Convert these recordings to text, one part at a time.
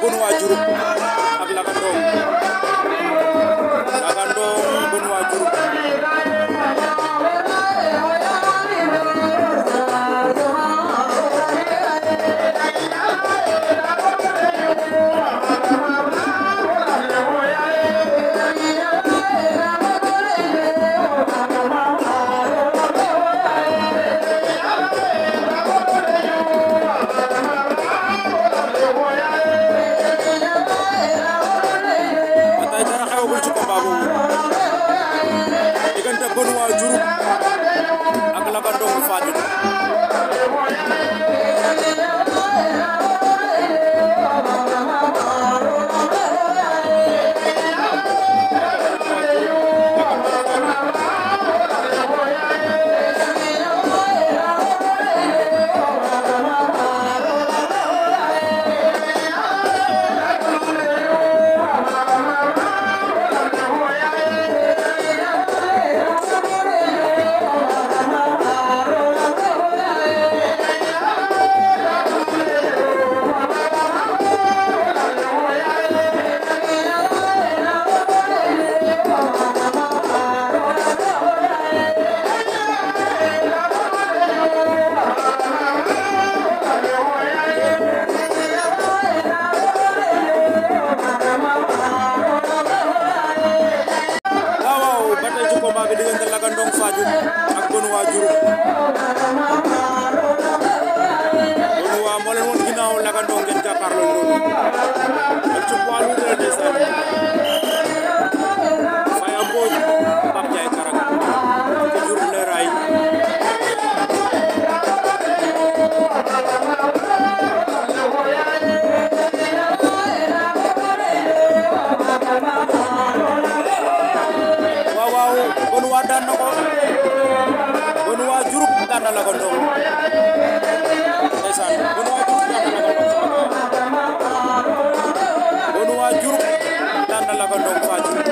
sunu waajur I'm going to go to the di diggante dong Sadio ak Bonua Diouroup Bonua moo leen woon ginnaaw Lagandong ngeen jàkkaarloo loolu ak ci poids lourd la ndeysaan Faya Mbodj Pape Ndiaye Karak le Wow, wow. Diouf daan na ko bon waa Diouroup daan na la ko ndongo ndeysaan bon waa Diouroup daan na la ko ndongo bon waa Diouroup daan na la ko ndongo waa Diouroup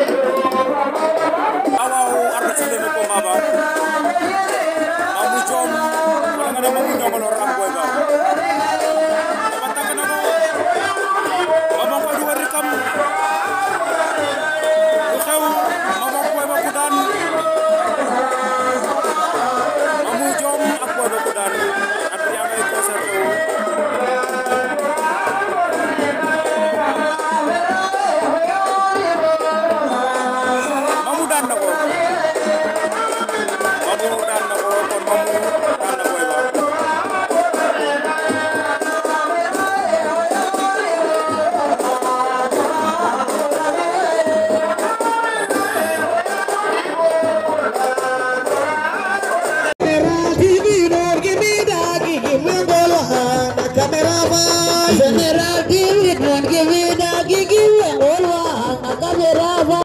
General